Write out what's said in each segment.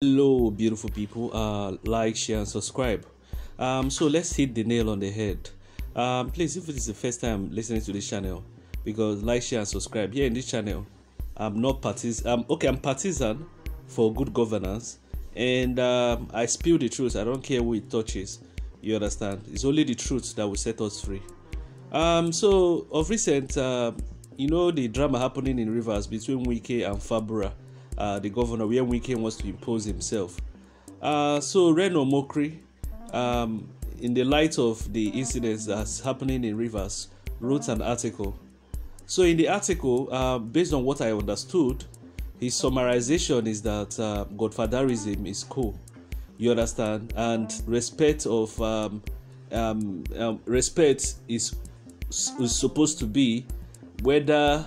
hello beautiful people uh, like share and subscribe um, so let's hit the nail on the head um, please if it is the first time listening to this channel because like share and subscribe here in this channel i'm not partisan um, okay i'm partisan for good governance and um, i spill the truth i don't care who it touches you understand it's only the truth that will set us free um, so of recent uh, you know the drama happening in rivers between Wiki and fabra uh, the governor, where Wike wants to impose himself. Uh, so Reno Mokri, um, in the light of the incidents that's happening in Rivers, wrote an article. So in the article, uh, based on what I understood, his summarization is that uh, Godfatherism is cool. You understand, and respect of um, um, um respect is, is supposed to be whether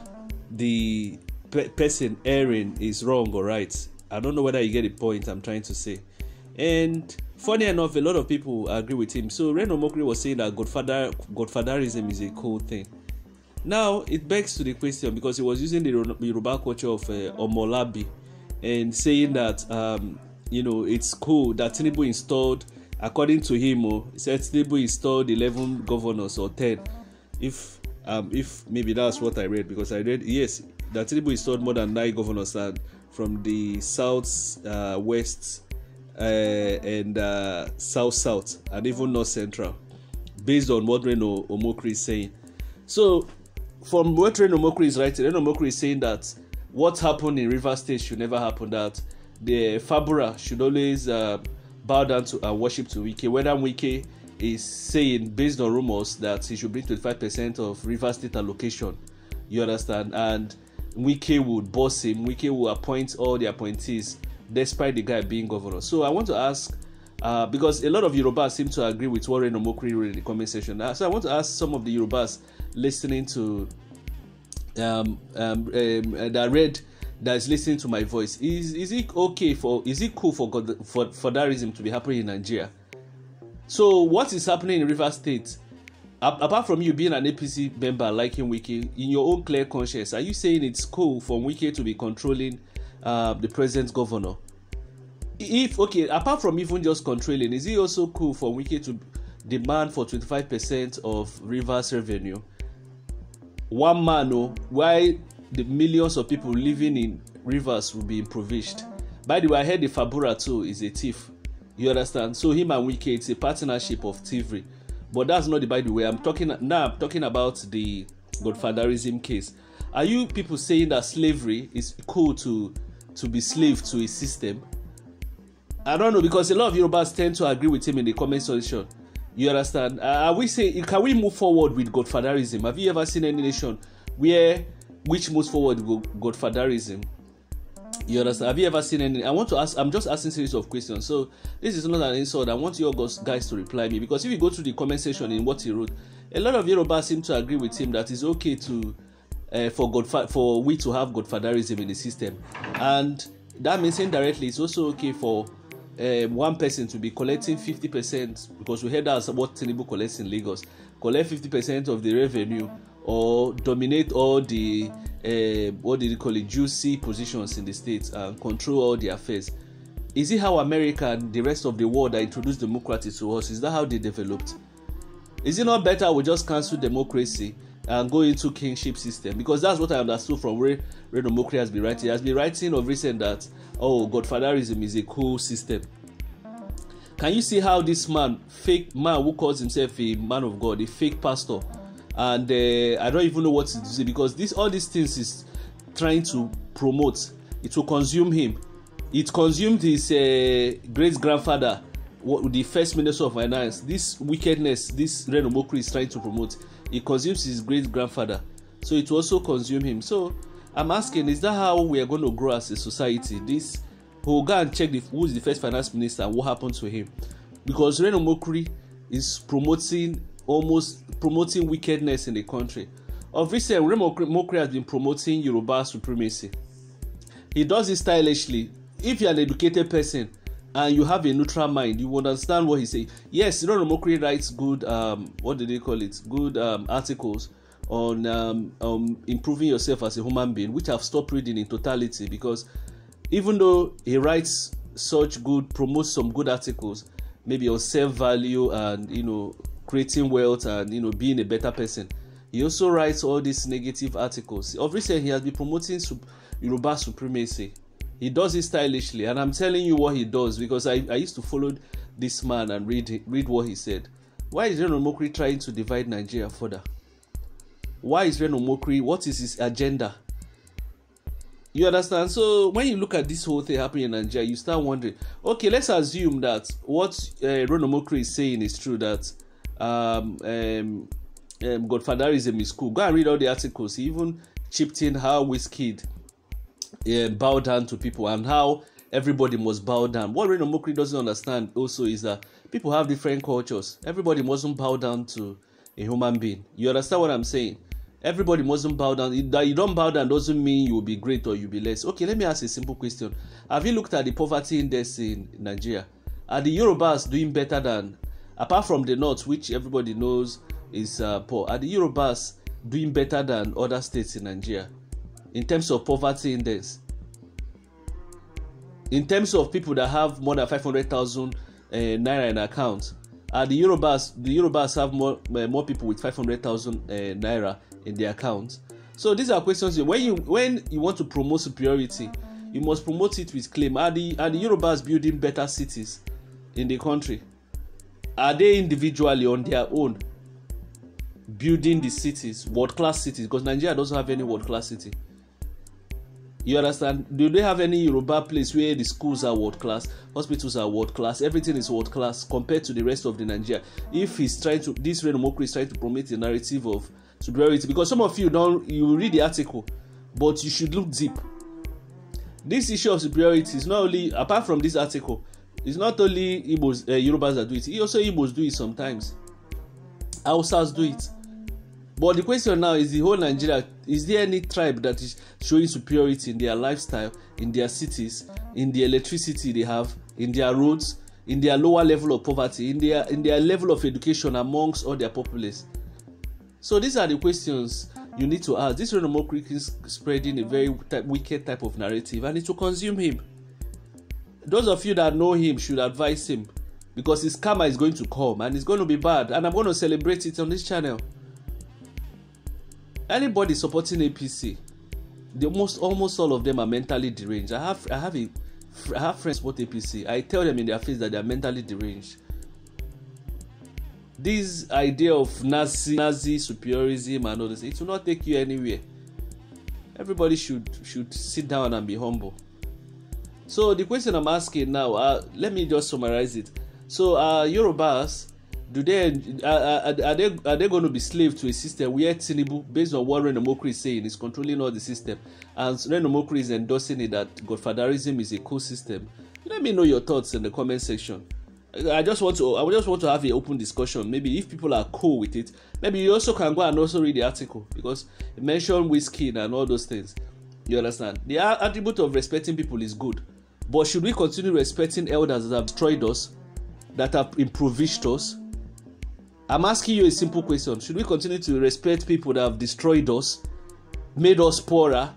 the pe- person erring is wrong or right. I don't know whether you get the point I'm trying to say. And funny enough, a lot of people agree with him. So Reno Mokri was saying that Godfather Godfatherism is a cool thing. Now it begs to the question because he was using the Yoruba culture of uh, Omolabi and saying that um, you know it's cool that Tinubu installed, according to him, oh, he said Tinubu installed 11 governors or 10. If um, if maybe that's what I read because I read yes, the Tinubu installed more than nine governors and from the south, uh, west, uh, and uh, south south, and even north central, based on what Reno Omokri is saying. So, from what Reno Omokri is writing, Reno Omokri is saying that what happened in River State should never happen. That the Fabura should always uh, bow down to and worship to Wiki, whether Wiki is saying based on rumors that he should bring 25% of River State allocation. You understand? And Wiki would boss him, Wiki will appoint all the appointees despite the guy being governor. So I want to ask, uh, because a lot of Yorubas seem to agree with Warren Omokri in the comment section. Uh, so I want to ask some of the Yorubas listening to um, um, um, uh, that read that is listening to my voice. Is is it okay for is it cool for God, for for that reason to be happening in Nigeria? So what is happening in River State apart from you being an APC member liking Wiki, in your own clear conscience, are you saying it's cool for Wiki to be controlling uh, the president's governor? If okay, apart from even just controlling, is it also cool for Wiki to demand for 25% of Rivers revenue? One man, oh, why the millions of people living in Rivers will be impoverished? By the way, I heard the Fabura too is a thief. You understand? So him and Wiki, it's a partnership of thievery. But that's not the by the way. I'm talking now. I'm talking about the godfatherism case. Are you people saying that slavery is cool to to be slave to a system? I don't know because a lot of Yorubas tend to agree with him in the comment section. You understand? Uh, are we say, can we move forward with godfatherism? Have you ever seen any nation where which moves forward with godfatherism? You understand? Have you ever seen any? I want to ask. I'm just asking series of questions. So this is not an insult. I want you guys to reply me because if you go to the comment section in what he wrote, a lot of Yoruba seem to agree with him that it's okay to uh, for God for we to have godfatherism in the system, and that means indirectly it's also okay for um, one person to be collecting 50% because we heard that's what Tinubu collects in Lagos collect 50% of the revenue or dominate all the uh, what do you call it juicy positions in the states and control all the affairs is it how america and the rest of the world that introduced democracy to us is that how they developed is it not better we just cancel democracy and go into kingship system because that's what i understood from where Reno Mukri has been writing he has been writing of recent that oh godfatherism is a cool system can you see how this man fake man who calls himself a man of god a fake pastor and uh, I don't even know what to say because this all these things is trying to promote. It will consume him. It consumed his uh, great grandfather, the first minister of finance. This wickedness, this Renomokri is trying to promote. It consumes his great grandfather, so it will also consume him. So I'm asking, is that how we are going to grow as a society? This we'll go and check the, who's the first finance minister and what happened to him, because Renomokri is promoting almost promoting wickedness in the country. Of recent, uh, Remo Mokri has been promoting Yoruba supremacy. He does it stylishly. If you're an educated person and you have a neutral mind, you understand what he's saying. Yes, Remo Mokri writes good, um, what do they call it? Good um, articles on um, improving yourself as a human being, which I've stopped reading in totality because even though he writes such good, promotes some good articles, maybe on self value and, you know, creating wealth and you know being a better person. He also writes all these negative articles. Of recent, he has been promoting sup- Yoruba supremacy. He does it stylishly, and I'm telling you what he does because I, I used to follow this man and read read what he said. Why is Reno Mokri trying to divide Nigeria further? Why is Reno Mokri? What is his agenda? You understand? So when you look at this whole thing happening in Nigeria, you start wondering. Okay, let's assume that what uh, Reno Mokri is saying is true. That um, um, um, Godfatherism is cool. Go and read all the articles. He even chipped in how Wizkid uh, um, bow down to people and how everybody must bow down. What Reno Mukri doesn't understand also is that people have different cultures. Everybody mustn't bow down to a human being. You understand what I'm saying? Everybody mustn't bow down. That you don't bow down doesn't mean you will be great or you'll be less. Okay, let me ask a simple question. Have you looked at the poverty index in Nigeria? Are the Yorubas doing better than apart from the north, which everybody knows is uh, poor, are the Yorubas doing better than other states in Nigeria in terms of poverty index? In terms of people that have more than 500,000 uh, naira in account, are the Yorubas the Yorubas have more uh, more people with 500,000 uh, naira in their account? So these are questions when you when you want to promote superiority, you must promote it with claim. Are the are the Yorubas building better cities in the country? Are they individually on their own building the cities, world class cities? Because Nigeria doesn't have any world class city. You understand? Do they have any Yoruba place where the schools are world class, hospitals are world class, everything is world class compared to the rest of the Nigeria? If he's trying to, this Renomokri is trying to promote the narrative of superiority, because some of you don't, you read the article, but you should look deep. This issue of superiority is not only apart from this article It's not only Igbos, uh, Yorubas that do it. Also, Igbos do it sometimes. Hausas do it. But the question now is the whole Nigeria, is there any tribe that is showing superiority in their lifestyle, in their cities, in the electricity they have, in their roads, in their lower level of poverty, in their in their level of education amongst all their populace? So these are the questions you need to ask. This Renomokri is spreading a very type, wicked type of narrative and it will consume him those of you that know him should advise him because his karma is going to come and it's going to be bad and i'm going to celebrate it on this channel anybody supporting apc the most almost all of them are mentally deranged i have i have a i have friends support apc i tell them in their face that they are mentally deranged this idea of nazi nazi superiorism and all this it will not take you anywhere everybody should should sit down and be humble So the question I'm asking now, uh, let me just summarize it. So uh, Yorubas, do they uh, uh are, they are they going to be slave to a system where Tinubu, based on what Renomokri is saying, is controlling all the system, and Renomokri is endorsing it that Godfatherism is a cool system? Let me know your thoughts in the comment section. I just want to I just want to have an open discussion. Maybe if people are cool with it, maybe you also can go and also read the article because it mentioned whiskey and all those things. You understand? The attribute of respecting people is good But should we continue respecting elders that have destroyed us, that have impoverished us? I'm asking you a simple question. Should we continue to respect people that have destroyed us, made us poorer,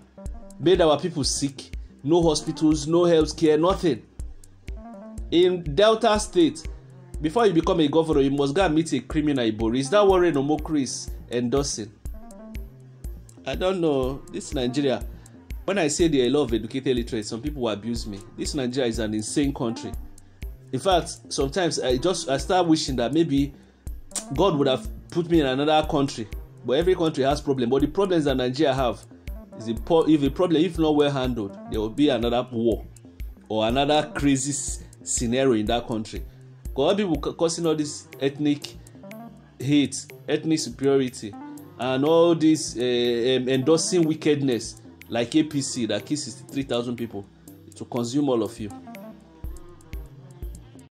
made our people sick, no hospitals, no health care, nothing? In Delta State, before you become a governor, you must go and meet a criminal Ibori. Is that what Renomokri is endorsing? I don't know. This Nigeria. When I say there are a lot of educated literate, some people abuse me. This Nigeria is an insane country. In fact, sometimes I just I start wishing that maybe God would have put me in another country. But every country has problem. But the problems that Nigeria have is a poor, if a problem if not well handled, there will be another war or another crazy scenario in that country. Because people causing all this ethnic hate, ethnic superiority, and all this uh, um, endorsing wickedness like APC that kills 63,000 people. to consume all of you.